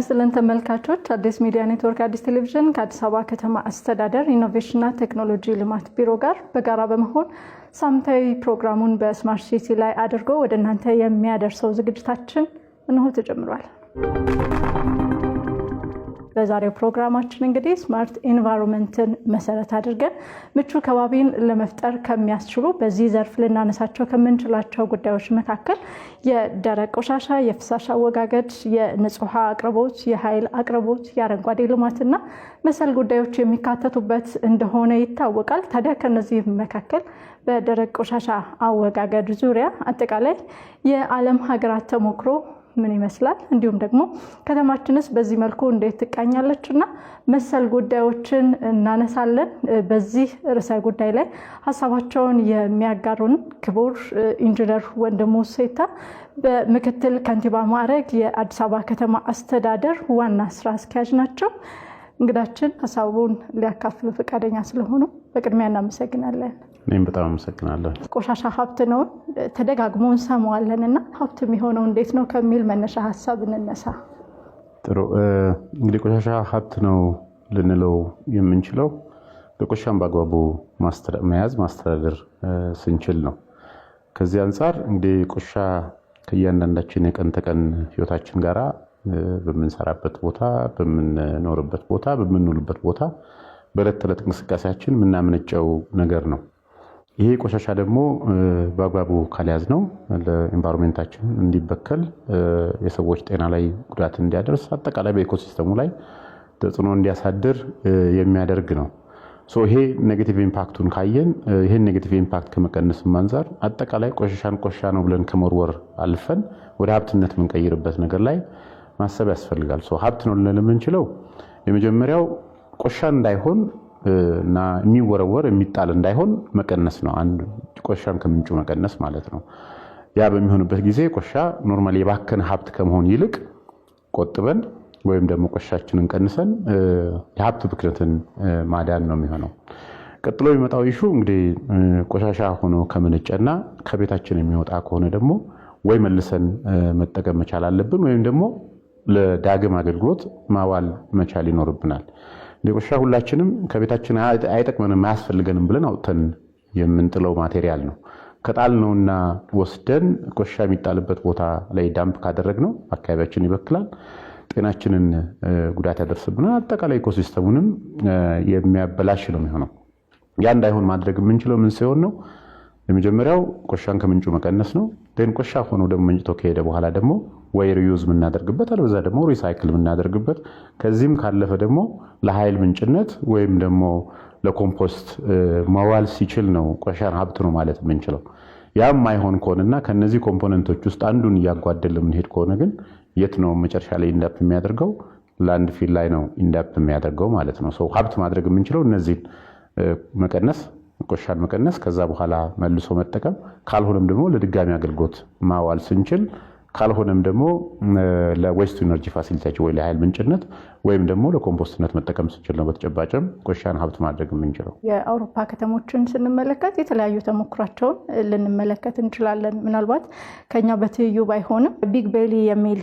ይስጥልን ተመልካቾች። አዲስ ሚዲያ ኔትወርክ አዲስ ቴሌቪዥን ከአዲስ አበባ ከተማ አስተዳደር ኢኖቬሽንና ቴክኖሎጂ ልማት ቢሮ ጋር በጋራ በመሆን ሳምንታዊ ፕሮግራሙን በስማርት ሲቲ ላይ አድርጎ ወደ እናንተ የሚያደርሰው ዝግጅታችን እንሆ ተጀምሯል። በዛሬው ፕሮግራማችን እንግዲህ ስማርት ኢንቫይሮንመንትን መሰረት አድርገን ምቹ ከባቢን ለመፍጠር ከሚያስችሉ በዚህ ዘርፍ ልናነሳቸው ከምንችላቸው ጉዳዮች መካከል የደረቅ ቆሻሻ፣ የፍሳሽ አወጋገድ፣ የንጹህ ውሃ አቅርቦት፣ የኃይል አቅርቦት፣ የአረንጓዴ ልማትና መሰል ጉዳዮች የሚካተቱበት እንደሆነ ይታወቃል። ታዲያ ከነዚህ መካከል በደረቅ ቆሻሻ አወጋገድ ዙሪያ አጠቃላይ የዓለም ሀገራት ተሞክሮ ምን ይመስላል፣ እንዲሁም ደግሞ ከተማችንስ በዚህ መልኩ እንዴት ትቃኛለች እና መሰል ጉዳዮችን እናነሳለን። በዚህ ርዕሰ ጉዳይ ላይ ሀሳባቸውን የሚያጋሩን ክቡር ኢንጂነር ወንድሙ ሴታ በምክትል ከንቲባ ማዕረግ የአዲስ አበባ ከተማ አስተዳደር ዋና ስራ አስኪያጅ ናቸው። እንግዳችን ሀሳቡን ሊያካፍሉ ፈቃደኛ ስለሆኑ በቅድሚያ እናመሰግናለን። እኔም በጣም አመሰግናለሁ። ቆሻሻ ሀብት ነው፣ ተደጋግሞ እንሰማዋለን እና ሀብት የሚሆነው እንዴት ነው ከሚል መነሻ ሀሳብ እንነሳ። ጥሩ እንግዲህ ቆሻሻ ሀብት ነው ልንለው የምንችለው ቆሻሻን በአግባቡ መያዝ ማስተዳደር ስንችል ነው። ከዚህ አንጻር እንግዲህ ቆሻ ከእያንዳንዳችን የቀን ተቀን ህይወታችን ጋራ በምንሰራበት ቦታ፣ በምንኖርበት ቦታ፣ በምንውልበት ቦታ በዕለት ተዕለት እንቅስቃሴያችን የምናምነጨው ነገር ነው። ይሄ ቆሻሻ ደግሞ በአግባቡ ካልያዝ ነው ለኤንቫይሮንሜንታችን እንዲበከል የሰዎች ጤና ላይ ጉዳት እንዲያደርስ አጠቃላይ በኢኮሲስተሙ ላይ ተጽዕኖ እንዲያሳድር የሚያደርግ ነው። ይሄ ኔጌቲቭ ኢምፓክቱን ካየን ይህን ኔጌቲቭ ኢምፓክት ከመቀነስ አንጻር አጠቃላይ ቆሻሻን ቆሻ ነው ብለን ከመወርወር አልፈን ወደ ሀብትነት የምንቀይርበት ነገር ላይ ማሰብ ያስፈልጋል። ሀብት ነው ልንል የምንችለው የመጀመሪያው ቆሻ እንዳይሆን እና የሚወረወር የሚጣል እንዳይሆን መቀነስ ነው። አንድ ቆሻም ከምንጩ መቀነስ ማለት ነው። ያ በሚሆንበት ጊዜ ቆሻ ኖርማል የባከነ ሀብት ከመሆን ይልቅ ቆጥበን ወይም ደግሞ ቆሻችንን ቀንሰን የሀብት ብክነትን ማዳን ነው የሚሆነው። ቀጥሎ የሚመጣው ይሹ እንግዲህ ቆሻሻ ሆኖ ከመነጨና ከቤታችን የሚወጣ ከሆነ ደግሞ ወይ መልሰን መጠቀም መቻል አለብን ወይም ደግሞ ለዳግም አገልግሎት ማዋል መቻል ይኖርብናል። እንደ ቆሻሻ ሁላችንም ከቤታችን አይጠቅመንም አያስፈልገንም ብለን አውጥተን የምንጥለው ማቴሪያል ነው። ከጣል ነውና ወስደን ቆሻሻ የሚጣልበት ቦታ ላይ ዳምፕ ካደረግነው አካባቢያችን ይበክላል፣ ጤናችንን ጉዳት ያደርስብናል፣ አጠቃላይ ኢኮሲስተሙንም የሚያበላሽ ነው የሚሆነው። ያ እንዳይሆን ማድረግ የምንችለው ምን ሲሆን ነው? የመጀመሪያው ቆሻን ከምንጩ መቀነስ ነው። ን ቆሻ ሆኖ ደግሞ መንጭቶ ከሄደ በኋላ ደግሞ ወይ ሪዩዝ የምናደርግበት አለበዛ ደግሞ ሪሳይክል የምናደርግበት ከዚህም ካለፈ ደግሞ ለሀይል ምንጭነት ወይም ደግሞ ለኮምፖስት መዋል ሲችል ነው ቆሻን ሀብት ነው ማለት የምንችለው። ያም አይሆን ከሆነና ከነዚህ ኮምፖነንቶች ውስጥ አንዱን እያጓደል የምንሄድ ከሆነ ግን የት ነው መጨረሻ ላይ ኢንዳፕ የሚያደርገው? ላንድ ፊል ላይ ነው ኢንዳፕ የሚያደርገው ማለት ነው። ሰው ሀብት ማድረግ የምንችለው እነዚህን መቀነስ ቆሻን መቀነስ፣ ከዛ በኋላ መልሶ መጠቀም፣ ካልሆነም ደግሞ ለድጋሚ አገልግሎት ማዋል ስንችል ካልሆነም ደግሞ ለዌስት ኢነርጂ ፋሲሊቲያችን ወይ ለኃይል ምንጭነት ወይም ደግሞ ለኮምፖስትነት መጠቀም ስንችል ነው በተጨባጭም ቆሻን ሀብት ማድረግ የምንችለው። የአውሮፓ ከተሞችን ስንመለከት የተለያዩ ተሞክሯቸውን ልንመለከት እንችላለን። ምናልባት ከኛ በትይዩ ባይሆንም ቢግ ቤሊ የሚል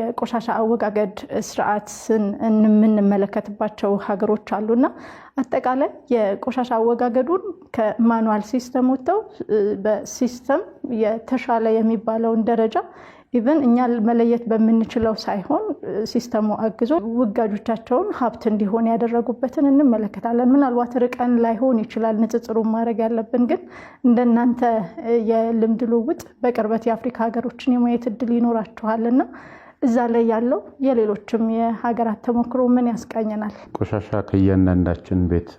የቆሻሻ አወጋገድ ስርዓት የምንመለከትባቸው ሀገሮች አሉና አጠቃላይ የቆሻሻ አወጋገዱን ከማኑዋል ሲስተም ወጥተው በሲስተም የተሻለ የሚባለውን ደረጃ ኢቨን እኛ መለየት በምንችለው ሳይሆን ሲስተሙ አግዞ ውጋጆቻቸውን ሀብት እንዲሆን ያደረጉበትን እንመለከታለን። ምናልባት ርቀን ላይሆን ይችላል ንጽጽሩ ማድረግ ያለብን ግን እንደናንተ የልምድ ልውውጥ በቅርበት የአፍሪካ ሀገሮችን የማየት እድል ይኖራችኋል እና እዛ ላይ ያለው የሌሎችም የሀገራት ተሞክሮ ምን ያስቃኘናል? ቆሻሻ ከእያንዳንዳችን ቤት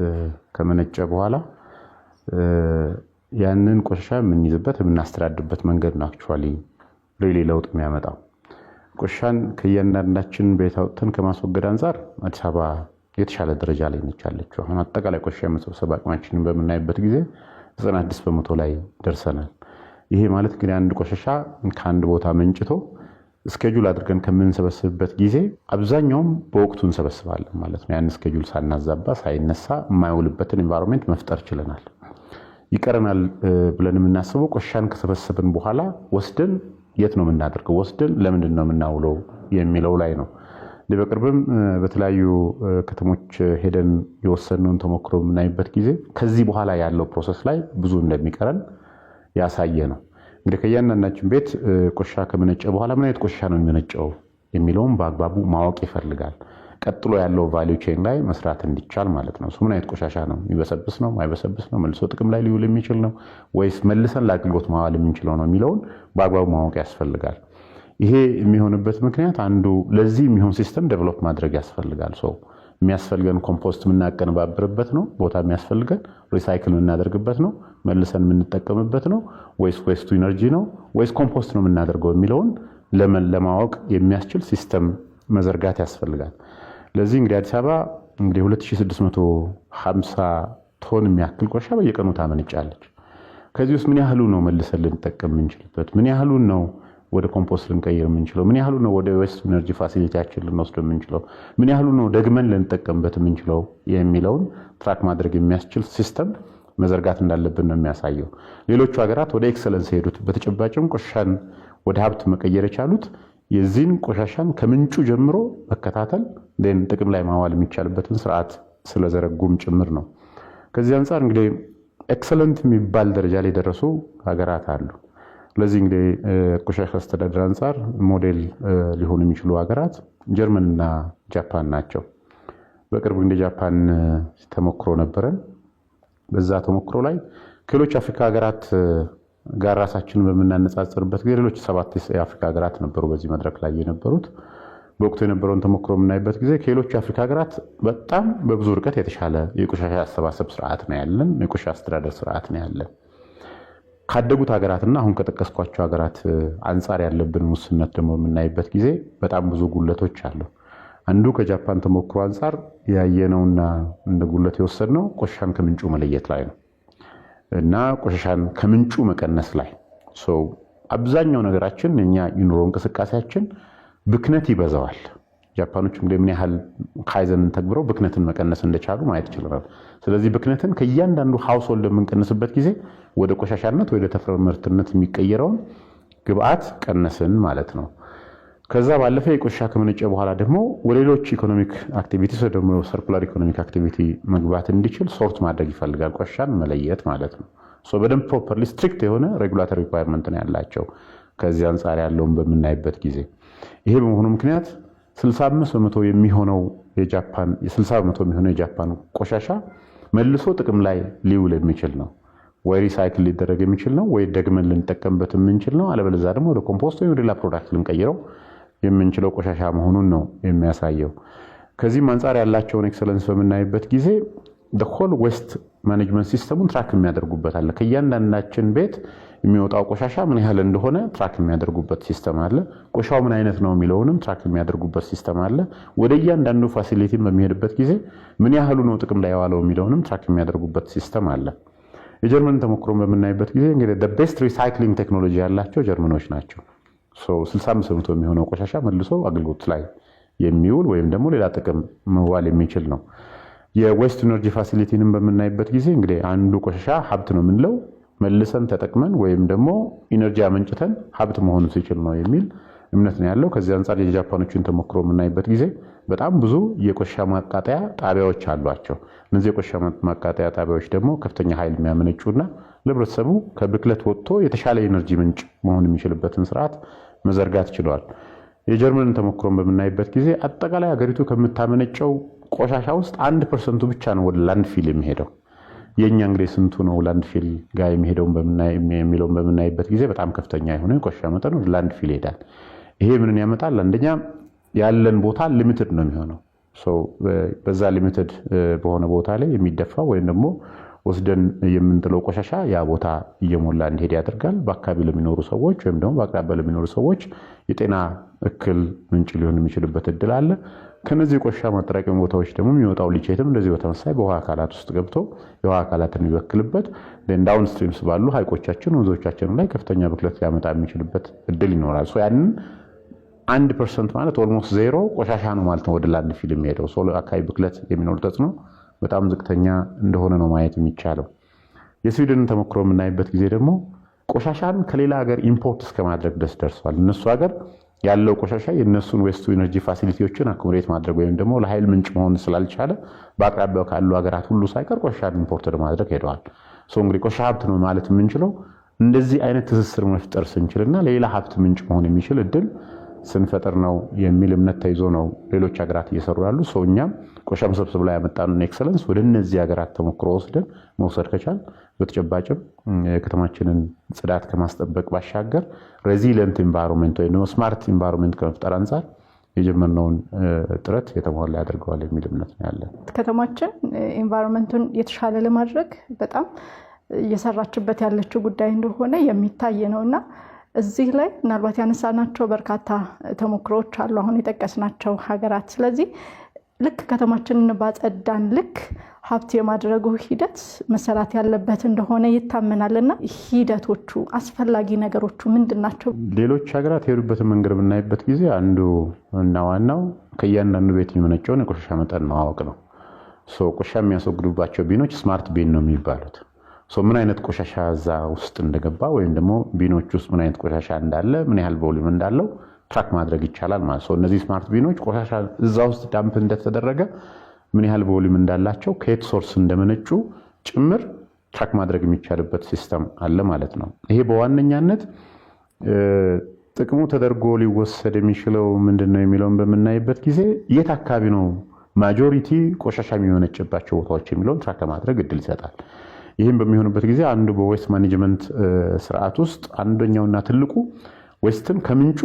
ከመነጨ በኋላ ያንን ቆሻሻ የምንይዝበት የምናስተዳድርበት መንገድ ነው አክቹዋሊ ሪሊ ለውጥ የሚያመጣው ቆሻን ከእያንዳንዳችን ቤት አውጥተን ከማስወገድ አንጻር አዲስ አበባ የተሻለ ደረጃ ላይ ነች ያለችው። አሁን አጠቃላይ ቆሻ የመሰብሰብ አቅማችንን በምናይበት ጊዜ 96 በመቶ ላይ ደርሰናል። ይሄ ማለት እንግዲህ አንድ ቆሻሻ ከአንድ ቦታ መንጭቶ እስኬጁል አድርገን ከምንሰበስብበት ጊዜ አብዛኛውም በወቅቱ እንሰበስባለን ማለት ነው። ያን እስኬጁል ሳናዛባ ሳይነሳ የማይውልበትን ኤንቫይሮንሜንት መፍጠር ችለናል። ይቀረናል ብለን የምናስበው ቆሻን ከሰበሰብን በኋላ ወስደን የት ነው የምናደርገው? ወስደን ለምንድን ነው የምናውለው የሚለው ላይ ነው። በቅርብም በተለያዩ ከተሞች ሄደን የወሰንነውን ተሞክሮ የምናይበት ጊዜ ከዚህ በኋላ ያለው ፕሮሰስ ላይ ብዙ እንደሚቀረን ያሳየ ነው። እንግዲህ ከእያንዳንዳችን ቤት ቆሻ ከመነጨ በኋላ ምን አይነት ቆሻ ነው የሚነጨው የሚለውም በአግባቡ ማወቅ ይፈልጋል። ቀጥሎ ያለው ቫሊዩ ቼን ላይ መስራት እንዲቻል ማለት ነው። ምን አይነት ቆሻሻ ነው? የሚበሰብስ ነው? ማይበሰብስ ነው? መልሶ ጥቅም ላይ ሊውል የሚችል ነው ወይስ መልሰን ለአገልግሎት ማዋል የምንችለው ነው የሚለውን በአግባቡ ማወቅ ያስፈልጋል። ይሄ የሚሆንበት ምክንያት አንዱ ለዚህ የሚሆን ሲስተም ዴቨሎፕ ማድረግ ያስፈልጋል። ሰው የሚያስፈልገን ኮምፖስት የምናቀነባብርበት ነው፣ ቦታ የሚያስፈልገን ሪሳይክል የምናደርግበት ነው፣ መልሰን የምንጠቀምበት ነው ወይስ ዌስቱ ኢነርጂ ነው ወይስ ኮምፖስት ነው የምናደርገው የሚለውን ለማወቅ የሚያስችል ሲስተም መዘርጋት ያስፈልጋል። ለዚህ እንግዲህ አዲስ አበባ እንግዲህ 2650 ቶን የሚያክል ቆሻ በየቀኑ ታመነጫለች። ከዚህ ውስጥ ምን ያህሉ ነው መልሰን ልንጠቀም የምንችልበት? ምን ያህሉን ነው ወደ ኮምፖስት ልንቀይር የምንችለው? ምን ያህሉ ነው ወደ ዌስት ኢነርጂ ፋሲሊቲያችን ልንወስድ የምንችለው? ምን ያህሉ ነው ደግመን ልንጠቀምበት የምንችለው የሚለውን ትራክ ማድረግ የሚያስችል ሲስተም መዘርጋት እንዳለብን ነው የሚያሳየው። ሌሎቹ ሀገራት ወደ ኤክሰለንስ የሄዱት በተጨባጭም ቆሻን ወደ ሀብት መቀየር የቻሉት የዚህን ቆሻሻን ከምንጩ ጀምሮ መከታተል ጥቅም ላይ ማዋል የሚቻልበትን ስርዓት ስለዘረጉም ጭምር ነው። ከዚህ አንጻር እንግዲህ ኤክሰለንት የሚባል ደረጃ ላይ የደረሱ ሀገራት አሉ። ለዚህ እንግዲህ ቆሻሻ አስተዳደር አንጻር ሞዴል ሊሆኑ የሚችሉ ሀገራት ጀርመንና ጃፓን ናቸው። በቅርብ እንደ ጃፓን ተሞክሮ ነበረን። በዛ ተሞክሮ ላይ ከሌሎች አፍሪካ ሀገራት ጋር ራሳችንን በምናነጻጽርበት ጊዜ ሌሎች ሰባት የአፍሪካ ሀገራት ነበሩ በዚህ መድረክ ላይ የነበሩት። በወቅቱ የነበረውን ተሞክሮ የምናይበት ጊዜ ከሌሎች የአፍሪካ ሀገራት በጣም በብዙ ርቀት የተሻለ የቆሻሻ አሰባሰብ ስርዓት ነው ያለን፣ የቆሻሻ አስተዳደር ስርዓት ነው ያለን። ካደጉት ሀገራትና አሁን ከጠቀስኳቸው ሀገራት አንጻር ያለብን ሙስነት ደግሞ የምናይበት ጊዜ በጣም ብዙ ጉለቶች አሉ። አንዱ ከጃፓን ተሞክሮ አንጻር ያየነውና እንደ ጉለት የወሰድነው ቆሻሻን ከምንጩ መለየት ላይ ነው። እና ቆሻሻን ከምንጩ መቀነስ ላይ አብዛኛው ነገራችን እኛ የኑሮ እንቅስቃሴያችን ብክነት ይበዛዋል። ጃፓኖች እንግዲህ ምን ያህል ካይዘንን ተግብረው ብክነትን መቀነስ እንደቻሉ ማየት ይችላል። ስለዚህ ብክነትን ከእያንዳንዱ ሀውስሆልድ የምንቀንስበት ጊዜ ወደ ቆሻሻነት ወደ ተረፈ ምርትነት የሚቀየረውን ግብአት ቀነስን ማለት ነው። ከዛ ባለፈ የቆሻ ከመነጨ በኋላ ደግሞ ወደሌሎች ኢኮኖሚክ አክቲቪቲ ወይ ደግሞ ሰርኩላር ኢኮኖሚክ አክቲቪቲ መግባት እንዲችል ሶርት ማድረግ ይፈልጋል። ቆሻን መለየት ማለት ነው። በደንብ ፕሮፐርሊ ስትሪክት የሆነ ሬጉላተሪ ሪኳየርመንት ነው ያላቸው። ከዚህ አንጻር ያለውን በምናይበት ጊዜ ይሄ በመሆኑ ምክንያት 65 በመቶ የሚሆነው የጃፓን 60 በመቶ የሚሆነው የጃፓን ቆሻሻ መልሶ ጥቅም ላይ ሊውል የሚችል ነው ወይ ሪሳይክል ሊደረግ የሚችል ነው ወይ ደግመን ልንጠቀምበት የምንችል ነው። አለበለዛ ደግሞ ወደ ኮምፖስት ወይም ሌላ ፕሮዳክት ልንቀይረው የምንችለው ቆሻሻ መሆኑን ነው የሚያሳየው። ከዚህም አንጻር ያላቸውን ኤክሰለንስ በምናይበት ጊዜ ሆል ዌስት ማኔጅመንት ሲስተሙን ትራክ የሚያደርጉበት አለ። ከእያንዳንዳችን ቤት የሚወጣው ቆሻሻ ምን ያህል እንደሆነ ትራክ የሚያደርጉበት ሲስተም አለ። ቆሻው ምን አይነት ነው የሚለውንም ትራክ የሚያደርጉበት ሲስተም አለ። ወደ እያንዳንዱ ፋሲሊቲን በሚሄድበት ጊዜ ምን ያህሉ ነው ጥቅም ላይ የዋለው የሚለውንም ትራክ የሚያደርጉበት ሲስተም አለ። የጀርመን ተሞክሮን በምናይበት ጊዜ እንግዲህ ቤስት ሪሳይክሊንግ ቴክኖሎጂ ያላቸው ጀርመኖች ናቸው። 65 በመቶ የሚሆነው ቆሻሻ መልሶ አገልግሎት ላይ የሚውል ወይም ደግሞ ሌላ ጥቅም መዋል የሚችል ነው። የዌስት ኢነርጂ ፋሲሊቲንም በምናይበት ጊዜ እንግዲህ አንዱ ቆሻሻ ሀብት ነው የምንለው መልሰን ተጠቅመን ወይም ደግሞ ኢነርጂ አመንጭተን ሀብት መሆኑ ሲችል ነው የሚል እምነት ነው ያለው። ከዚህ አንጻር የጃፓኖችን ተሞክሮ የምናይበት ጊዜ በጣም ብዙ የቆሻሻ ማቃጠያ ጣቢያዎች አሏቸው። እነዚህ የቆሻሻ ማቃጠያ ጣቢያዎች ደግሞ ከፍተኛ ኃይል የሚያመነጩና ለህብረተሰቡ ከብክለት ወጥቶ የተሻለ ኢነርጂ ምንጭ መሆን የሚችልበትን ስርዓት መዘርጋት ችለዋል። የጀርመንን ተሞክሮን በምናይበት ጊዜ አጠቃላይ ሀገሪቱ ከምታመነጨው ቆሻሻ ውስጥ አንድ ፐርሰንቱ ብቻ ነው ወደ ላንድፊል የሚሄደው። የእኛ እንግዲህ ስንቱ ነው ላንድፊል ጋር የሚሄደው የሚለውን በምናይበት ጊዜ በጣም ከፍተኛ የሆነ የቆሻሻ መጠን ወደ ላንድፊል ይሄዳል። ይሄ ምንን ያመጣል? አንደኛ ያለን ቦታ ሊሚትድ ነው የሚሆነው። በዛ ሊሚትድ በሆነ ቦታ ላይ የሚደፋ ወይም ደግሞ ወስደን የምንጥለው ቆሻሻ ያ ቦታ እየሞላ እንዲሄድ ያደርጋል። በአካባቢ ለሚኖሩ ሰዎች ወይም ደግሞ በአቅራቢያ ለሚኖሩ ሰዎች የጤና እክል ምንጭ ሊሆን የሚችልበት እድል አለ። ከነዚህ ቆሻሻ ማጠራቀሚያ ቦታዎች ደግሞ የሚወጣው ሊቼትም እንደዚህ በተመሳሳይ በውሃ አካላት ውስጥ ገብቶ የውሃ አካላትን የሚበክልበት ዳውን ስትሪምስ ባሉ ሀይቆቻችን፣ ወንዞቻችን ላይ ከፍተኛ ብክለት ሊያመጣ የሚችልበት እድል ይኖራል። ያንን አንድ ፐርሰንት ማለት ኦልሞስት ዜሮ ቆሻሻ ነው ማለት ነው ወደ ላንድ ፊል የሚሄደው አካባቢ ብክለት የሚኖር ተጽዕኖ በጣም ዝቅተኛ እንደሆነ ነው ማየት የሚቻለው። የስዊድንን ተሞክሮ የምናይበት ጊዜ ደግሞ ቆሻሻን ከሌላ ሀገር ኢምፖርት እስከማድረግ ድረስ ደርሷል። እነሱ ሀገር ያለው ቆሻሻ የእነሱን ስቱ ኢነርጂ ፋሲሊቲዎችን አኩሙሌት ማድረግ ወይም ደግሞ ለኃይል ምንጭ መሆን ስላልቻለ በአቅራቢያው ካሉ ሀገራት ሁሉ ሳይቀር ቆሻሻን ኢምፖርት ማድረግ ሄደዋል። እንግዲህ ቆሻሻ ሀብት ነው ማለት የምንችለው እንደዚህ አይነት ትስስር መፍጠር ስንችልና ሌላ ሀብት ምንጭ መሆን የሚችል እድል ስንፈጥር ነው የሚል እምነት ተይዞ ነው ሌሎች ሀገራት እየሰሩ ያሉ ሰው እኛም ቆሻም ሰብስብ ላይ ያመጣንን ኤክሰለንስ ወደ እነዚህ ሀገራት ተሞክሮ ወስደን መውሰድ ከቻል በተጨባጭም የከተማችንን ጽዳት ከማስጠበቅ ባሻገር ሬዚለንት ኢንቫይሮንመንት ወይም ደግሞ ስማርት ኢንቫይሮንመንት ከመፍጠር አንጻር የጀመርነውን ጥረት የተሟላ ያደርገዋል የሚል እምነት ነው ያለን። ከተማችን ኢንቫይሮንመንቱን የተሻለ ለማድረግ በጣም እየሰራችበት ያለችው ጉዳይ እንደሆነ የሚታይ ነው እና እዚህ ላይ ምናልባት ያነሳናቸው በርካታ ተሞክሮዎች አሉ፣ አሁን የጠቀስናቸው ሀገራት። ስለዚህ ልክ ከተማችንን ባጸዳን ልክ ሀብት የማድረጉ ሂደት መሰራት ያለበት እንደሆነ ይታመናል። እና ሂደቶቹ አስፈላጊ ነገሮቹ ምንድን ናቸው? ሌሎች ሀገራት የሄዱበትን መንገድ ብናይበት ጊዜ አንዱ እና ዋናው ከእያንዳንዱ ቤት የሚመነጨውን የቆሻሻ መጠን ማወቅ ነው። ቆሻሻ የሚያስወግዱባቸው ቢኖች ስማርት ቢን ነው የሚባሉት። ምን አይነት ቆሻሻ እዛ ውስጥ እንደገባ ወይም ደግሞ ቢኖች ውስጥ ምን አይነት ቆሻሻ እንዳለ፣ ምን ያህል ቮሊም እንዳለው ትራክ ማድረግ ይቻላል ማለት ነው። እነዚህ ስማርት ቢኖች ቆሻሻ እዛ ውስጥ ዳምፕ እንደተደረገ ምን ያህል ቮሊም እንዳላቸው ከየት ሶርስ እንደመነጩ ጭምር ትራክ ማድረግ የሚቻልበት ሲስተም አለ ማለት ነው። ይሄ በዋነኛነት ጥቅሙ ተደርጎ ሊወሰድ የሚችለው ምንድን ነው የሚለውን በምናይበት ጊዜ የት አካባቢ ነው ማጆሪቲ ቆሻሻ የሚመነጭባቸው ቦታዎች የሚለውን ትራክ ለማድረግ እድል ይሰጣል። ይህም በሚሆንበት ጊዜ አንዱ በዌስት ማኔጅመንት ስርዓት ውስጥ አንደኛውና ትልቁ ዌስትን ከምንጩ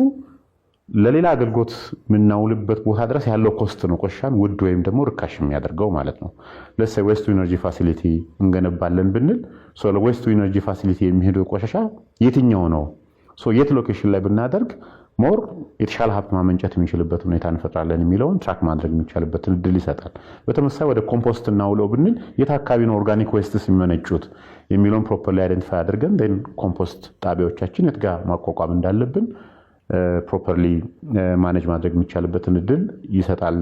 ለሌላ አገልግሎት የምናውልበት ቦታ ድረስ ያለው ኮስት ነው ቆሻን ውድ ወይም ደግሞ ርካሽ የሚያደርገው ማለት ነው። ለሰ ዌስቱ ኢነርጂ ፋሲሊቲ እንገነባለን ብንል ዌስት ኢነርጂ ፋሲሊቲ የሚሄደው ቆሻሻ የትኛው ነው? የት ሎኬሽን ላይ ብናደርግ ሞር የተሻለ ሀብት ማመንጨት የሚችልበት ሁኔታ እንፈጥራለን የሚለውን ትራክ ማድረግ የሚቻልበትን እድል ይሰጣል። በተመሳሳይ ወደ ኮምፖስት እናውለው ብንል የት አካባቢ ነው ኦርጋኒክ ዌስትስ የሚመነጩት የሚለውን ፕሮፐርሊ አይደንቲፋይ አድርገን ኮምፖስት ጣቢያዎቻችን የት ጋር ማቋቋም እንዳለብን ፕሮፐርሊ ማኔጅ ማድረግ የሚቻልበትን እድል ይሰጣል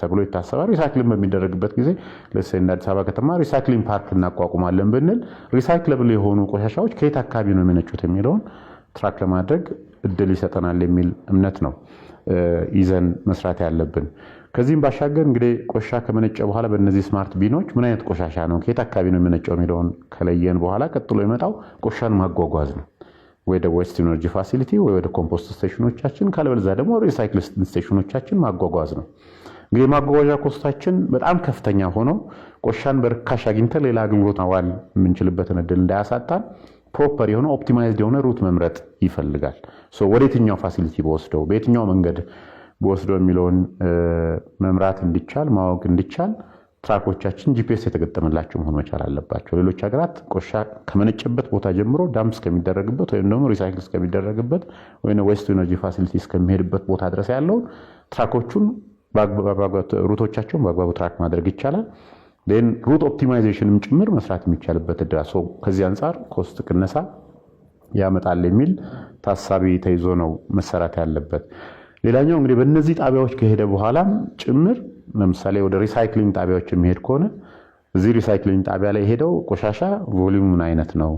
ተብሎ ይታሰባል። ሪሳይክልን በሚደረግበት ጊዜ ለምሳሌ እንደ አዲስ አበባ ከተማ ሪሳይክሊንግ ፓርክ እናቋቁማለን ብንል ሪሳይክለብል የሆኑ ቆሻሻዎች ከየት አካባቢ ነው የሚነጩት የሚለውን ትራክ ለማድረግ እድል ይሰጠናል የሚል እምነት ነው ይዘን መስራት ያለብን። ከዚህም ባሻገር እንግዲህ ቆሻ ከመነጨ በኋላ በእነዚህ ስማርት ቢኖች ምን አይነት ቆሻሻ ነው ከየት አካባቢ ነው የሚነጨው የሚለውን ከለየን በኋላ ቀጥሎ የመጣው ቆሻን ማጓጓዝ ነው። ወደ ዌስት ኢነርጂ ፋሲሊቲ ወይ ወደ ኮምፖስት ስቴሽኖቻችን ካለበለዚያ ደግሞ ሪሳይክል ስቴሽኖቻችን ማጓጓዝ ነው። እንግዲህ የማጓጓዣ ኮስታችን በጣም ከፍተኛ ሆኖ ቆሻን በርካሽ አግኝተን ሌላ አገልግሎት ማዋል የምንችልበትን እድል እንዳያሳጣን ፕሮፐር የሆነ ኦፕቲማይዝድ የሆነ ሩት መምረጥ ይፈልጋል። ወደ የትኛው ፋሲሊቲ በወስደው በየትኛው መንገድ በወስደው የሚለውን መምራት እንዲቻል ማወቅ እንዲቻል ትራኮቻችን ጂፒኤስ የተገጠመላቸው መሆን መቻል አለባቸው። ሌሎች ሀገራት ቆሻ ከመነጨበት ቦታ ጀምሮ ዳም እስከሚደረግበት ወይም ደግሞ ሪሳይክል እስከሚደረግበት ወይም ዌስት ኢነርጂ ፋሲሊቲ እስከሚሄድበት ቦታ ድረስ ያለውን ትራኮቹን ሩቶቻቸውን በአግባቡ ትራክ ማድረግ ይቻላል። ን ሩት ኦፕቲማይዜሽንም ጭምር መስራት የሚቻልበት እድራ ከዚህ አንጻር ኮስት ቅነሳ ያመጣል የሚል ታሳቢ ተይዞ ነው መሰራት ያለበት። ሌላኛው እንግዲህ በእነዚህ ጣቢያዎች ከሄደ በኋላም ጭምር ለምሳሌ ወደ ሪሳይክሊንግ ጣቢያዎች የሚሄድ ከሆነ እዚህ ሪሳይክሊንግ ጣቢያ ላይ ሄደው ቆሻሻ ቮሊዩም ምን አይነት ነው፣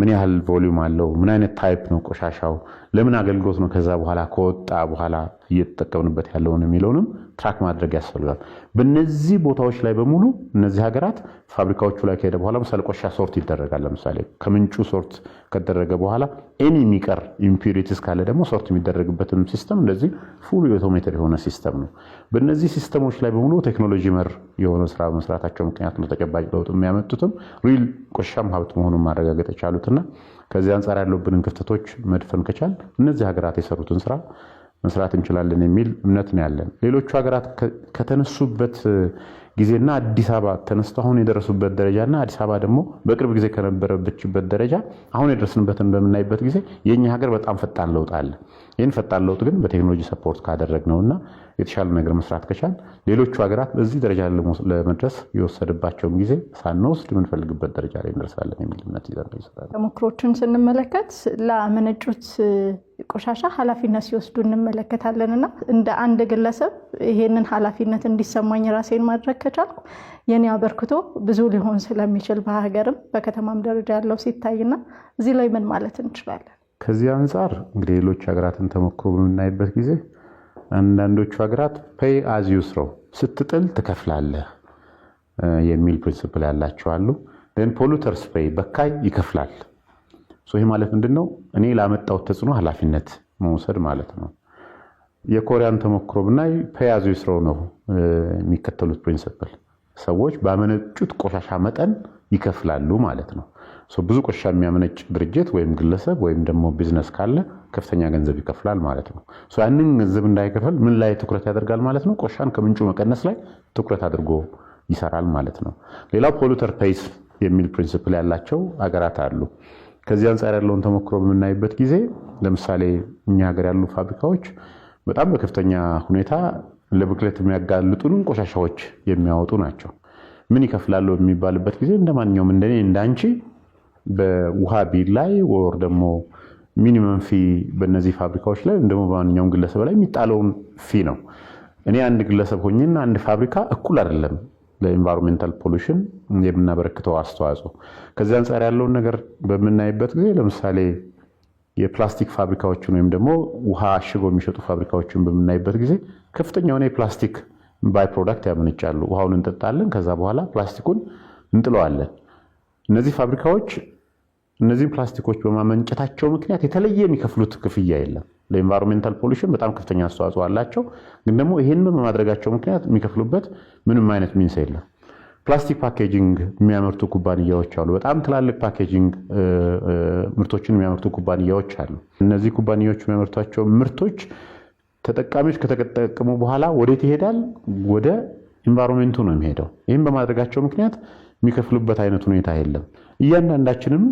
ምን ያህል ቮሊዩም አለው፣ ምን አይነት ታይፕ ነው ቆሻሻው፣ ለምን አገልግሎት ነው ከዛ በኋላ ከወጣ በኋላ እየተጠቀምንበት ያለውን የሚለውንም ትራክ ማድረግ ያስፈልጋል። በነዚህ ቦታዎች ላይ በሙሉ እነዚህ ሀገራት ፋብሪካዎቹ ላይ ከሄደ በኋላ ምሳሌ ቆሻ ሶርት ይደረጋል። ለምሳሌ ከምንጩ ሶርት ከደረገ በኋላ ኤኒ የሚቀር ኢምፒሪቲስ ካለ ደግሞ ሶርት የሚደረግበትም ሲስተም እንደዚህ ፉሉ ኦቶሜትር የሆነ ሲስተም ነው። በነዚህ ሲስተሞች ላይ በሙሉ ቴክኖሎጂ መር የሆነ ስራ መስራታቸው ምክንያት ነው ተጨባጭ ለውጥ የሚያመጡትም ሪል ቆሻም ሀብት መሆኑን ማረጋገጥ የቻሉትና ከዚህ አንጻር ያለብንን ክፍተቶች መድፈን ከቻል እነዚህ ሀገራት የሰሩትን ስራ መስራት እንችላለን የሚል እምነት ነው ያለን። ሌሎቹ ሀገራት ከተነሱበት ጊዜና አዲስ አበባ ተነስቶ አሁን የደረሱበት ደረጃና አዲስ አበባ ደግሞ በቅርብ ጊዜ ከነበረበችበት ደረጃ አሁን የደረስንበትን በምናይበት ጊዜ የእኛ ሀገር በጣም ፈጣን ለውጥ አለ። ይህን ፈጣን ለውጥ ግን በቴክኖሎጂ ሰፖርት ካደረግ ነውእና። የተሻለ ነገር መስራት ከቻል ሌሎቹ ሀገራት በዚህ ደረጃ ለመድረስ የወሰደባቸውን ጊዜ ሳንወስድ የምንፈልግበት ደረጃ ላይ እንደርሳለን የሚል እምነት ይዘን ይሰጣል። ተሞክሮቹን ስንመለከት ለአመነጩት ቆሻሻ ኃላፊነት ሲወስዱ እንመለከታለን እና እንደ አንድ ግለሰብ ይሄንን ኃላፊነት እንዲሰማኝ ራሴን ማድረግ ከቻልኩ የኔ አበርክቶ ብዙ ሊሆን ስለሚችል በሀገርም በከተማም ደረጃ ያለው ሲታይና እዚህ ላይ ምን ማለት እንችላለን? ከዚህ አንጻር እንግዲህ ሌሎች ሀገራትን ተሞክሮ በምናይበት ጊዜ አንዳንዶቹ ሀገራት ፔይ አዝ ዩ ስሮ ስትጥል ትከፍላለህ የሚል ፕሪንስፕል ያላቸው አሉ። ን ፖሉተርስ ፔይ በካይ ይከፍላል። ይህ ማለት ምንድን ነው? እኔ ላመጣው ተጽዕኖ ኃላፊነት መውሰድ ማለት ነው። የኮሪያን ተሞክሮ ብናይ ፔይ አዝ ዩ ስሮ ነው የሚከተሉት ፕሪንስፕል። ሰዎች ባመነጩት ቆሻሻ መጠን ይከፍላሉ ማለት ነው። ብዙ ቆሻ የሚያመነጭ ድርጅት ወይም ግለሰብ ወይም ደግሞ ቢዝነስ ካለ ከፍተኛ ገንዘብ ይከፍላል ማለት ነው። ያንን ገንዘብ እንዳይከፍል ምን ላይ ትኩረት ያደርጋል ማለት ነው? ቆሻን ከምንጩ መቀነስ ላይ ትኩረት አድርጎ ይሰራል ማለት ነው። ሌላው ፖሉተር ፔይስ የሚል ፕሪንስፕል ያላቸው አገራት አሉ። ከዚህ አንጻር ያለውን ተሞክሮ በምናይበት ጊዜ ለምሳሌ እኛ ሀገር ያሉ ፋብሪካዎች በጣም በከፍተኛ ሁኔታ ለብክለት የሚያጋልጡንን ቆሻሻዎች የሚያወጡ ናቸው። ምን ይከፍላሉ የሚባልበት ጊዜ እንደ ማንኛውም እንደኔ እንዳንቺ በውሃ ቢል ላይ ወር ደግሞ ሚኒመም ፊ በእነዚህ ፋብሪካዎች ላይ ደግሞ በማንኛውም ግለሰብ ላይ የሚጣለውን ፊ ነው። እኔ አንድ ግለሰብ ሆኝና አንድ ፋብሪካ እኩል አይደለም ለኢንቫይሮንሜንታል ፖሉሽን የምናበረክተው አስተዋጽኦ። ከዚህ አንጻር ያለውን ነገር በምናይበት ጊዜ ለምሳሌ የፕላስቲክ ፋብሪካዎችን ወይም ደግሞ ውሃ አሽገው የሚሸጡ ፋብሪካዎችን በምናይበት ጊዜ ከፍተኛ የሆነ የፕላስቲክ ባይ ፕሮዳክት ያመነጫሉ። ውሃውን እንጠጣለን፣ ከዛ በኋላ ፕላስቲኩን እንጥለዋለን። እነዚህ ፋብሪካዎች እነዚህን ፕላስቲኮች በማመንጨታቸው ምክንያት የተለየ የሚከፍሉት ክፍያ የለም። ለኢንቫይሮንሜንታል ፖሊሽን በጣም ከፍተኛ አስተዋጽኦ አላቸው። ግን ደግሞ ይህንን በማድረጋቸው ምክንያት የሚከፍሉበት ምንም አይነት ሚንስ የለም። ፕላስቲክ ፓኬጂንግ የሚያመርቱ ኩባንያዎች አሉ። በጣም ትላልቅ ፓኬጂንግ ምርቶችን የሚያመርቱ ኩባንያዎች አሉ። እነዚህ ኩባንያዎች የሚያመርቷቸው ምርቶች ተጠቃሚዎች ከተጠቀሙ በኋላ ወዴት ይሄዳል? ወደ ኢንቫይሮንሜንቱ ነው የሚሄደው። ይህም በማድረጋቸው ምክንያት የሚከፍሉበት አይነት ሁኔታ የለም። እያንዳንዳችንም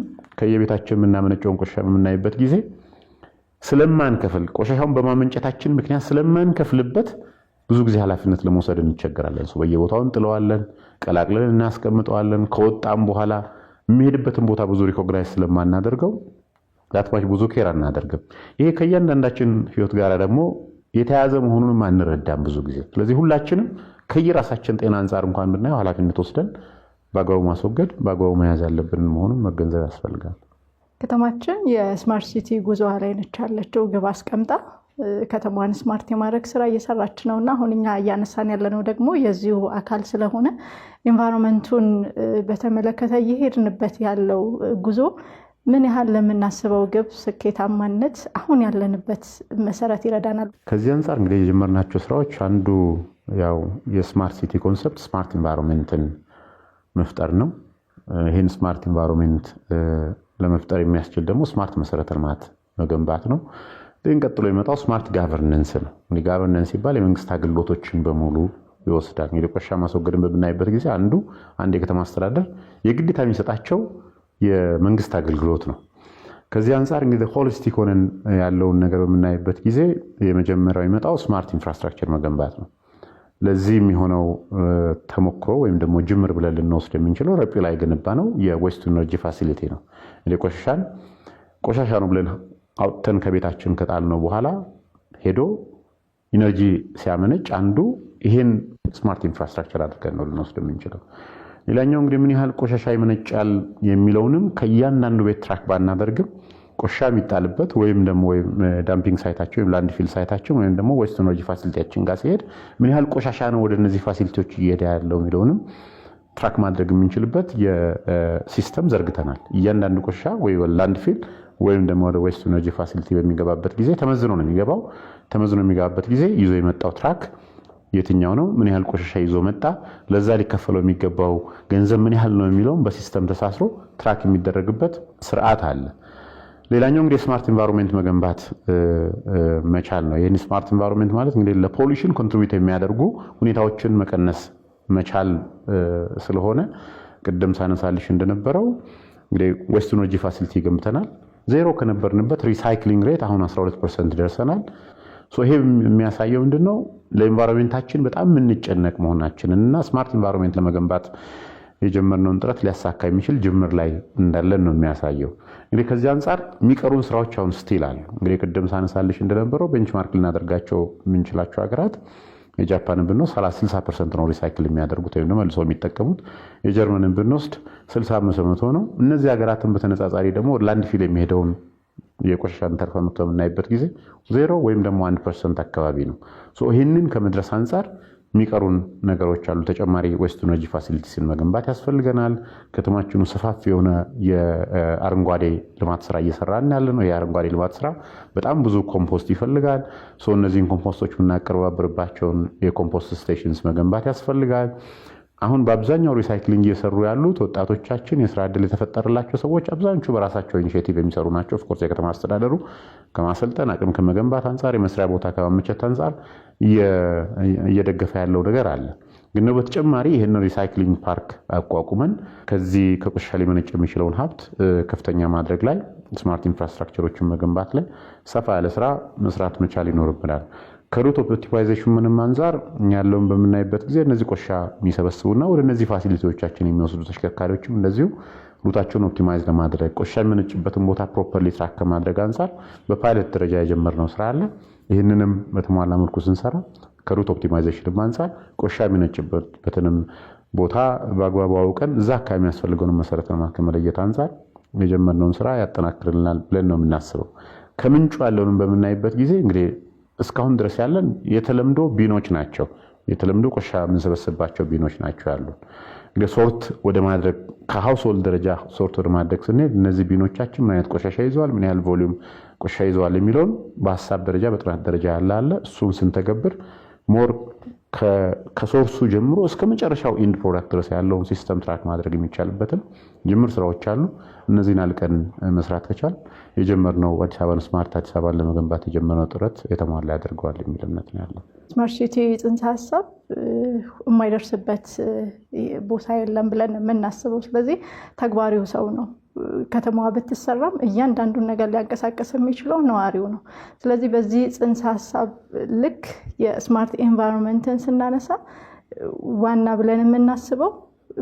ከየቤታችን የምናመነጨውን ቆሻሻ በምናይበት ጊዜ ስለማንከፍል ቆሻሻውን በማመንጨታችን ምክንያት ስለማንከፍልበት ብዙ ጊዜ ኃላፊነት ለመውሰድ እንቸገራለን። ሰው በየቦታው እንጥለዋለን፣ ቀላቅለን እናስቀምጠዋለን። ከወጣም በኋላ የሚሄድበትን ቦታ ብዙ ሪኮግናይዝ ስለማናደርገው ለአትማች ብዙ ኬር አናደርግም። ይሄ ከእያንዳንዳችን ህይወት ጋር ደግሞ የተያዘ መሆኑንም አንረዳም ብዙ ጊዜ። ስለዚህ ሁላችንም ከየራሳችን ጤና አንጻር እንኳን ብናየው ኃላፊነት ወስደን በአግባቡ ማስወገድ በአግባቡ መያዝ ያለብን መሆኑን መገንዘብ ያስፈልጋል። ከተማችን የስማርት ሲቲ ጉዞዋ ላይ ነች ያለችው ግብ አስቀምጣ ከተማዋን ስማርት የማድረግ ስራ እየሰራች ነው እና አሁን እኛ እያነሳን ያለነው ደግሞ የዚሁ አካል ስለሆነ ኢንቫይሮንመንቱን በተመለከተ እየሄድንበት ያለው ጉዞ ምን ያህል ለምናስበው ግብ ስኬታማነት አሁን ያለንበት መሰረት ይረዳናል። ከዚህ አንጻር እንግዲህ የጀመርናቸው ስራዎች አንዱ ያው የስማርት ሲቲ ኮንሰፕት ስማርት ኢንቫይሮንመንትን መፍጠር ነው። ይህን ስማርት ኢንቫይሮንሜንት ለመፍጠር የሚያስችል ደግሞ ስማርት መሰረተ ልማት መገንባት ነው። ግን ቀጥሎ የመጣው ስማርት ጋቨርነንስ ነው። እንግዲህ ጋቨርነንስ ሲባል የመንግስት አገልግሎቶችን በሙሉ ይወስዳል። እንግዲህ ቆሻ ማስወገድን በምናይበት ጊዜ አንዱ አንድ የከተማ አስተዳደር የግዴታ የሚሰጣቸው የመንግስት አገልግሎት ነው። ከዚህ አንጻር እንግዲህ ሆሊስቲክ ሆነን ያለውን ነገር በምናይበት ጊዜ የመጀመሪያው የመጣው ስማርት ኢንፍራስትራክቸር መገንባት ነው። ለዚህ የሚሆነው ተሞክሮ ወይም ደግሞ ጅምር ብለን ልንወስድ የምንችለው ረጲ ላይ የገነባ ነው የዌስት ኢነርጂ ፋሲሊቲ ነው። እንግዲህ ቆሻሻን ቆሻሻ ነው ብለን አውጥተን ከቤታችን ነው በኋላ ሄዶ ኢነርጂ ሲያመነጭ አንዱ ይህን ስማርት ኢንፍራስትራክቸር አድርገን ነው ልንወስድ የምንችለው። ሌላኛው እንግዲህ ምን ያህል ቆሻሻ ይመነጫል የሚለውንም ከእያንዳንዱ ቤት ትራክ ባናደርግም ቆሻ የሚጣልበት ወይም ደግሞ ዳምፒንግ ሳይታቸው ወይም ላንድ ፊል ሳይታቸው ወይም ደግሞ ዌስት ኤነርጂ ፋሲሊቲያችን ጋር ሲሄድ ምን ያህል ቆሻሻ ነው ወደ እነዚህ ፋሲሊቲዎች እየሄደ ያለው የሚለውንም ትራክ ማድረግ የምንችልበት የሲስተም ዘርግተናል። እያንዳንዱ ቆሻ ወይ ላንድ ፊል ወይም ደግሞ ወደ ዌስት ኤነርጂ ፋሲሊቲ በሚገባበት ጊዜ ተመዝኖ ነው የሚገባው። ተመዝኖ የሚገባበት ጊዜ ይዞ የመጣው ትራክ የትኛው ነው? ምን ያህል ቆሻሻ ይዞ መጣ? ለዛ ሊከፈለው የሚገባው ገንዘብ ምን ያህል ነው የሚለውም በሲስተም ተሳስሮ ትራክ የሚደረግበት ስርዓት አለ። ሌላኛው እንግዲህ ስማርት ኢንቫይሮንሜንት መገንባት መቻል ነው። ይህን ስማርት ኢንቫይሮንመንት ማለት እንግዲህ ለፖሊሽን ኮንትሪቢዩት የሚያደርጉ ሁኔታዎችን መቀነስ መቻል ስለሆነ ቅድም ሳነሳልሽ እንደነበረው እንግዲህ ዌስት ኢነርጂ ፋሲሊቲ ገንብተናል። ዜሮ ከነበርንበት ሪሳይክሊንግ ሬት አሁን 12 ፐርሰንት ደርሰናል። ይሄ የሚያሳየው ምንድን ነው? በጣም የምንጨነቅ መሆናችንን እና ስማርት ኢንቫይሮንሜንት ለመገንባት የጀመርነውን ጥረት ሊያሳካ የሚችል ጅምር ላይ እንዳለን ነው የሚያሳየው። እንግዲህ ከዚህ አንጻር የሚቀሩን ስራዎች አሁን ስቲል አሉ። እንግዲህ ቅድም ሳነሳልሽ እንደነበረው ቤንችማርክ ልናደርጋቸው የምንችላቸው ሀገራት የጃፓንን ብንወስድ 60 ፐርሰንት ነው ሪሳይክል የሚያደርጉት ወይም ደግሞ መልሰው የሚጠቀሙት። የጀርመንን ብንወስድ 65 በመቶ ነው። እነዚህ ሀገራትን በተነጻጻሪ ደግሞ ላንድ ፊል የሚሄደውን የቆሻሻ ተርፈ ምርት በምናይበት ጊዜ ዜሮ ወይም ደግሞ አንድ ፐርሰንት አካባቢ ነው። ይህንን ከመድረስ አንጻር የሚቀሩን ነገሮች አሉ። ተጨማሪ ዌስቶነጂ ፋሲሊቲስን መገንባት ያስፈልገናል። ከተማችኑ ሰፋፊ የሆነ የአረንጓዴ ልማት ስራ እየሰራን ያለ ነው። የአረንጓዴ ልማት ስራ በጣም ብዙ ኮምፖስት ይፈልጋል። እነዚህን ኮምፖስቶች የምናቀርባብርባቸውን የኮምፖስት ስቴሽንስ መገንባት ያስፈልጋል። አሁን በአብዛኛው ሪሳይክሊንግ እየሰሩ ያሉት ወጣቶቻችን የስራ እድል የተፈጠረላቸው ሰዎች አብዛኞቹ በራሳቸው ኢኒቲቭ የሚሰሩ ናቸው። ኦፍኮርስ የከተማ አስተዳደሩ ከማሰልጠን አቅም ከመገንባት አንጻር፣ የመስሪያ ቦታ ከማመቸት አንጻር እየደገፈ ያለው ነገር አለ። ግን በተጨማሪ ይህንን ሪሳይክሊንግ ፓርክ አቋቁመን ከዚህ ከቆሻሻ ሊመነጭ የሚችለውን ሀብት ከፍተኛ ማድረግ ላይ ስማርት ኢንፍራስትራክቸሮችን መገንባት ላይ ሰፋ ያለ ስራ መስራት መቻል ይኖርብናል። ከሩት ኦፕቲማይዜሽን ምንም አንጻር ያለውን በምናይበት ጊዜ እነዚህ ቆሻ የሚሰበስቡና ወደ እነዚህ ፋሲሊቲዎቻችን የሚወስዱ ተሽከርካሪዎችም እንደዚሁ ሩታቸውን ኦፕቲማይዝ ለማድረግ ቆሻ የምንጭበትን ቦታ ፕሮፐርሊ ትራክ ከማድረግ አንጻር በፓይለት ደረጃ የጀመርነው ስራ አለ። ይህንንም በተሟላ መልኩ ስንሰራ ከሩት ኦፕቲማይዜሽን አንጻር ቆሻ የሚነጭበትንም ቦታ በአግባቡ አውቀን እዛ አካባቢ የሚያስፈልገውን መሰረተ ልማት ከመለየት አንጻር የጀመርነውን ስራ ያጠናክርልናል ብለን ነው የምናስበው። ከምንጩ ያለውንም በምናይበት ጊዜ እንግዲህ እስካሁን ድረስ ያለን የተለምዶ ቢኖች ናቸው። የተለምዶ ቆሻ የምንሰበስብባቸው ቢኖች ናቸው ያሉ። እንግዲህ ሶርት ወደ ማድረግ ከሀውስሆልድ ደረጃ ሶርት ወደ ማድረግ ስንሄድ እነዚህ ቢኖቻችን ምን አይነት ቆሻሻ ይዘዋል፣ ምን ያህል ቮሊዩም ቆሻ ይዘዋል የሚለውን በሀሳብ ደረጃ በጥናት ደረጃ ያለ አለ። እሱን ስንተገብር ሞር ከሶርሱ ጀምሮ እስከ መጨረሻው ኢንድ ፕሮዳክት ድረስ ያለውን ሲስተም ትራክ ማድረግ የሚቻልበትን ጅምር ስራዎች አሉ። እነዚህን አልቀን መስራት ከቻል የጀመርነው አዲስ አበባን ስማርት አዲስ አበባን ለመገንባት የጀመርነው ጥረት የተሟላ ያደርገዋል የሚል እምነት ነው ያለው። ስማርት ሲቲ ጽንሰ ሀሳብ የማይደርስበት ቦታ የለም ብለን የምናስበው ስለዚህ ተግባሪው ሰው ነው። ከተማዋ ብትሰራም እያንዳንዱን ነገር ሊያንቀሳቀስ የሚችለው ነዋሪው ነው። ስለዚህ በዚህ ጽንሰ ሀሳብ ልክ የስማርት ኤንቫይሮንመንትን ስናነሳ ዋና ብለን የምናስበው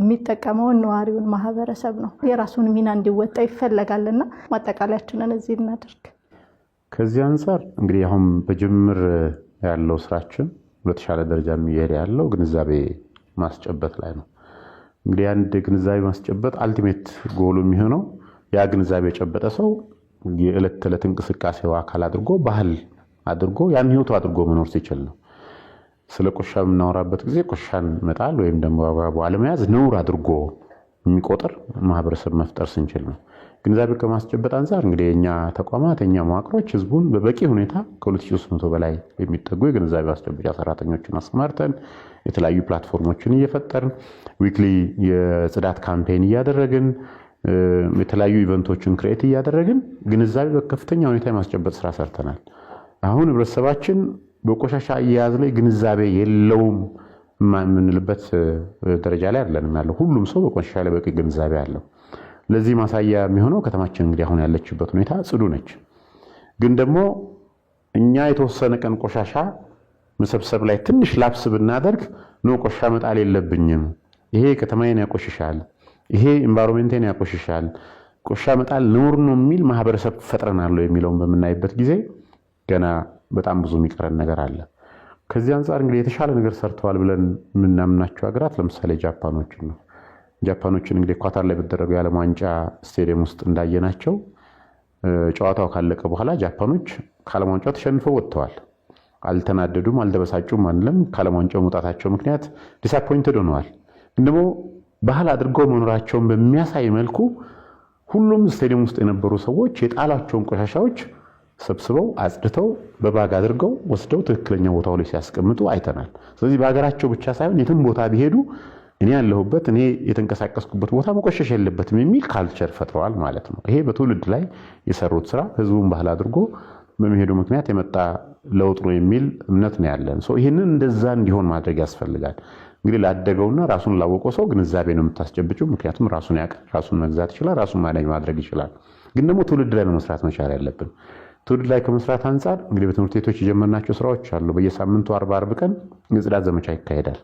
የሚጠቀመውን ነዋሪውን ማህበረሰብ ነው። የራሱን ሚና እንዲወጣ ይፈለጋልና ማጠቃለያችንን እዚህ እናደርግ። ከዚህ አንጻር እንግዲህ አሁን በጅምር ያለው ስራችን በተሻለ ደረጃ የሚሄድ ያለው ግንዛቤ ማስጨበት ላይ ነው። እንግዲህ አንድ ግንዛቤ ማስጨበጥ አልቲሜት ጎሉ የሚሆነው ያ ግንዛቤ የጨበጠ ሰው የዕለት ተዕለት እንቅስቃሴው አካል አድርጎ ባህል አድርጎ ያን ህይወቱ አድርጎ መኖር ሲችል ነው። ስለ ቆሻ የምናወራበት ጊዜ ቆሻን መጣል ወይም ደግሞ አለመያዝ ነውር አድርጎ የሚቆጥር ማህበረሰብ መፍጠር ስንችል ነው። ግንዛቤ ከማስጨበጥ አንጻር እንግዲህ የእኛ ተቋማት የእኛ መዋቅሮች ህዝቡን በበቂ ሁኔታ ከ2300 በላይ የሚጠጉ የግንዛቤ ማስጨበጫ ሰራተኞችን አሰማርተን የተለያዩ ፕላትፎርሞችን እየፈጠርን ዊክሊ የጽዳት ካምፔን እያደረግን የተለያዩ ኢቨንቶችን ክሬት እያደረግን ግንዛቤ በከፍተኛ ሁኔታ የማስጨበጥ ስራ ሰርተናል። አሁን ህብረተሰባችን በቆሻሻ አያያዝ ላይ ግንዛቤ የለውም የምንልበት ደረጃ ላይ አለንም ያለው። ሁሉም ሰው በቆሻሻ ላይ በቂ ግንዛቤ አለው። ለዚህ ማሳያ የሚሆነው ከተማችን እንግዲህ አሁን ያለችበት ሁኔታ ጽዱ ነች። ግን ደግሞ እኛ የተወሰነ ቀን ቆሻሻ መሰብሰብ ላይ ትንሽ ላፕስ ብናደርግ ኖ ቆሻሻ መጣል የለብኝም፣ ይሄ ከተማዬን ያቆሽሻል፣ ይሄ ኢንቫይሮንሜንቴን ያቆሽሻል፣ ቆሻሻ መጣል ነውር ነው የሚል ማህበረሰብ ፈጥረናለሁ የሚለውን በምናይበት ጊዜ ገና በጣም ብዙ የሚቀረን ነገር አለ። ከዚህ አንጻር እንግዲህ የተሻለ ነገር ሰርተዋል ብለን የምናምናቸው ሀገራት ለምሳሌ ጃፓኖችን ነው። ጃፓኖችን እንግዲህ ኳታር ላይ በተደረገው የዓለም ዋንጫ ስቴዲየም ውስጥ እንዳየናቸው ጨዋታው ካለቀ በኋላ ጃፓኖች ከዓለም ዋንጫው ተሸንፈው ወጥተዋል። አልተናደዱም፣ አልተበሳጩም አንልም። ከዓለም ዋንጫው መውጣታቸው ምክንያት ዲስአፖይንትድ ሆነዋል። ግን ደግሞ ባህል አድርገው መኖራቸውን በሚያሳይ መልኩ ሁሉም ስቴዲየም ውስጥ የነበሩ ሰዎች የጣላቸውን ቆሻሻዎች ሰብስበው አጽድተው በባግ አድርገው ወስደው ትክክለኛ ቦታው ላይ ሲያስቀምጡ አይተናል። ስለዚህ በሀገራቸው ብቻ ሳይሆን የትም ቦታ ቢሄዱ እኔ ያለሁበት እኔ የተንቀሳቀስኩበት ቦታ መቆሸሽ የለበትም የሚል ካልቸር ፈጥረዋል ማለት ነው። ይሄ በትውልድ ላይ የሰሩት ስራ ህዝቡን ባህል አድርጎ በመሄዱ ምክንያት የመጣ ለውጥ ነው የሚል እምነት ነው ያለን። ይህንን እንደዛ እንዲሆን ማድረግ ያስፈልጋል። እንግዲህ ላደገውና ራሱን ላወቀው ሰው ግንዛቤ ነው የምታስጨብጩ። ምክንያቱም ራሱን ያውቃል፣ ራሱን መግዛት ይችላል፣ ራሱን ማነጅ ማድረግ ይችላል። ግን ደግሞ ትውልድ ላይ ነው መስራት መቻል ያለብን። ትውልድ ላይ ከመስራት አንጻር እንግዲህ በትምህርት ቤቶች የጀመርናቸው ስራዎች አሉ። በየሳምንቱ አርባ አርብ ቀን የጽዳት ዘመቻ ይካሄዳል።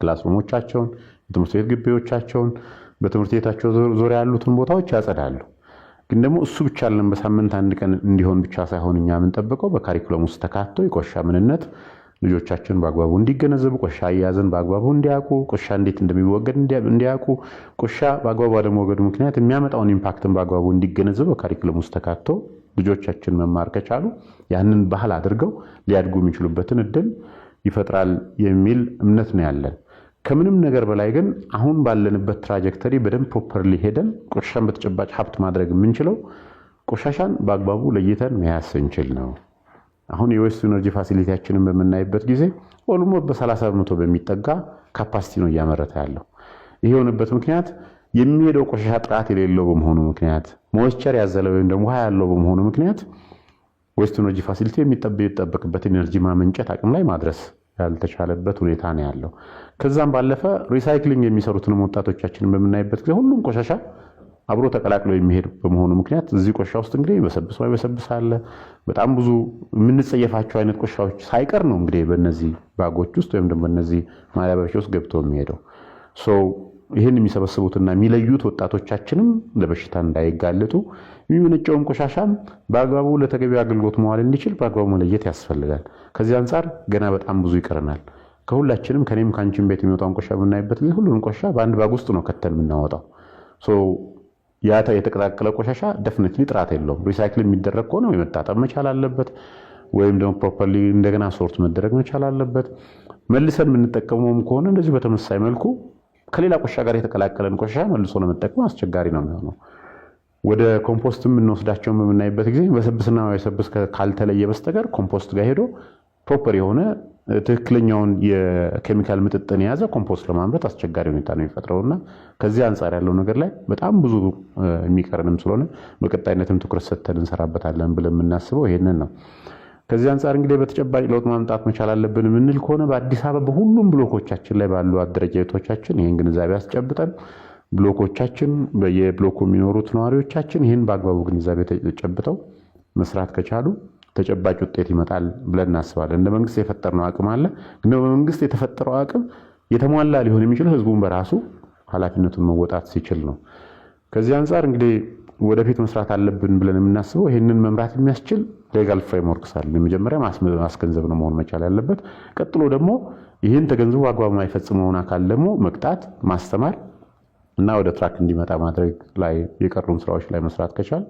ክላስሩሞቻቸውን፣ የትምህርት ቤት ግቢዎቻቸውን፣ በትምህርት ቤታቸው ዙሪያ ያሉትን ቦታዎች ያጸዳሉ። ግን ደግሞ እሱ ብቻ አለን በሳምንት አንድ ቀን እንዲሆን ብቻ ሳይሆን እኛ የምንጠብቀው በካሪኩለም ውስጥ ተካቶ የቆሻ ምንነት ልጆቻችን በአግባቡ እንዲገነዘቡ፣ ቆሻ አያያዝን በአግባቡ እንዲያውቁ፣ ቆሻ እንዴት እንደሚወገድ እንዲያውቁ፣ ቆሻ በአግባቡ አለመወገዱ ምክንያት የሚያመጣውን ኢምፓክትን በአግባቡ እንዲገነዘቡ በካሪኩለም ውስጥ ተካቶ ልጆቻችን መማር ከቻሉ ያንን ባህል አድርገው ሊያድጉ የሚችሉበትን እድል ይፈጥራል የሚል እምነት ነው ያለን። ከምንም ነገር በላይ ግን አሁን ባለንበት ትራጀክተሪ በደንብ ፕሮፐርሊ ሄደን ቆሻሻን በተጨባጭ ሀብት ማድረግ የምንችለው ቆሻሻን በአግባቡ ለይተን መያዝ ስንችል ነው። አሁን የዌስት ኢነርጂ ፋሲሊቲያችንን በምናይበት ጊዜ ኦልሞ በ30 በመቶ በሚጠጋ ካፓሲቲ ነው እያመረተ ያለው። ይሄ የሆነበት ምክንያት የሚሄደው ቆሻሻ ጥራት የሌለው በመሆኑ ምክንያት፣ ሞይስቸር ያዘለ ወይም ደግሞ ውሃ ያለው በመሆኑ ምክንያት ዌስት ኢነርጂ ፋሲሊቲ የሚጠበቅበት ኤነርጂ ማመንጨት አቅም ላይ ማድረስ ያልተቻለበት ሁኔታ ነው ያለው። ከዛም ባለፈ ሪሳይክሊንግ የሚሰሩትንም ወጣቶቻችንን በምናይበት ጊዜ ሁሉም ቆሻሻ አብሮ ተቀላቅሎ የሚሄድ በመሆኑ ምክንያት እዚህ ቆሻ ውስጥ እንግዲህ ይበሰብስ ይበሰብስ አለ። በጣም ብዙ የምንጸየፋቸው አይነት ቆሻዎች ሳይቀር ነው እንግዲህ በነዚህ ባጎች ውስጥ ወይም ደግሞ በነዚህ ማዳበሪያዎች ውስጥ ገብቶ የሚሄደው። ይህን የሚሰበስቡትና የሚለዩት ወጣቶቻችንም ለበሽታ እንዳይጋለጡ የሚመነጨውን ቆሻሻም በአግባቡ ለተገቢ አገልግሎት መዋል እንዲችል በአግባቡ መለየት ያስፈልጋል። ከዚህ አንጻር ገና በጣም ብዙ ይቀረናል። ከሁላችንም ከኔም ከአንቺን ቤት የሚወጣውን ቆሻ የምናይበት ጊዜ ሁሉንም ቆሻ በአንድ ባግ ውስጥ ነው ከተን የምናወጣው። ያ የተቀላቀለ ቆሻሻ ደፍነት ጥራት የለውም። ሪሳይክል የሚደረግ ከሆነ ወይ መጣጠብ መቻል አለበት፣ ወይም ደግሞ ፕሮፐርሊ እንደገና ሶርት መደረግ መቻል አለበት። መልሰን የምንጠቀመውም ከሆነ እንደዚሁ በተመሳይ መልኩ ከሌላ ቆሻ ጋር የተቀላቀለን ቆሻሻ መልሶ ለመጠቀም አስቸጋሪ ነው የሚሆነው። ወደ ኮምፖስት የምንወስዳቸውን በምናይበት ጊዜ በሰብስና ሰብስ ካልተለየ በስተቀር ኮምፖስት ጋር ሄዶ ፕሮፐር የሆነ ትክክለኛውን የኬሚካል ምጥጥን የያዘ ኮምፖስት ለማምረት አስቸጋሪ ሁኔታ ነው የሚፈጥረው እና ከዚህ አንጻር ያለው ነገር ላይ በጣም ብዙ የሚቀርንም ስለሆነ በቀጣይነትም ትኩረት ሰጥተን እንሰራበታለን ብለን የምናስበው ይሄንን ነው። ከዚህ አንጻር እንግዲህ በተጨባጭ ለውጥ ማምጣት መቻል አለብን የምንል ከሆነ በአዲስ አበባ በሁሉም ብሎኮቻችን ላይ ባሉ አደረጃጀቶቻችን ይህን ግንዛቤ አስጨብጠን ብሎኮቻችን በየብሎኩ የሚኖሩት ነዋሪዎቻችን ይህን በአግባቡ ግንዛቤ ተጨብጠው መስራት ከቻሉ ተጨባጭ ውጤት ይመጣል ብለን እናስባለን። እንደ መንግስት የፈጠርነው አቅም አለ፣ ግን በመንግስት የተፈጠረው አቅም የተሟላ ሊሆን የሚችለው ህዝቡን በራሱ ኃላፊነቱን መወጣት ሲችል ነው። ከዚህ አንጻር እንግዲህ ወደፊት መስራት አለብን ብለን የምናስበው ይህንን መምራት የሚያስችል ሌጋል ፍሬምወርክ ሳል የመጀመሪያ ማስገንዘብ ነው መሆን መቻል ያለበት። ቀጥሎ ደግሞ ይህን ተገንዝቦ አግባብ የማይፈጽመውን አካል ደግሞ መቅጣት፣ ማስተማር እና ወደ ትራክ እንዲመጣ ማድረግ ላይ የቀሩን ስራዎች ላይ መስራት ከቻል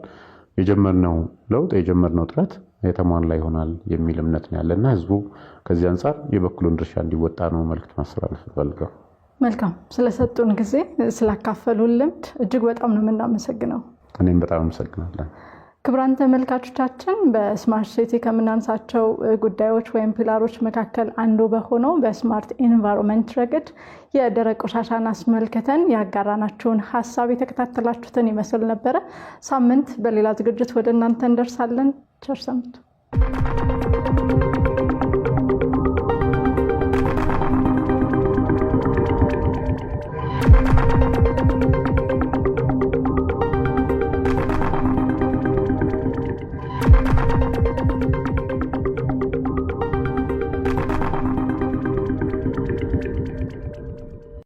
የጀመርነው ለውጥ የጀመርነው ጥረት የተሟላ ይሆናል የሚል እምነት ነው ያለና ህዝቡ ከዚህ አንጻር የበኩሉን ድርሻ እንዲወጣ ነው መልክት ማስተላለፍ ፈልገው። መልካም ስለሰጡን ጊዜ ስላካፈሉን ልምድ እጅግ በጣም ነው የምናመሰግነው። እኔም በጣም አመሰግናለን። ክቡራን ተመልካቾቻችን በስማርት ሲቲ ከምናንሳቸው ጉዳዮች ወይም ፒላሮች መካከል አንዱ በሆነው በስማርት ኤንቫይሮንመንት ረገድ የደረቅ ቆሻሻን አስመልክተን ያጋራናችሁን ሀሳብ የተከታተላችሁትን ይመስል ነበረ። ሳምንት በሌላ ዝግጅት ወደ እናንተ እንደርሳለን። ቸር ሰንብቱ።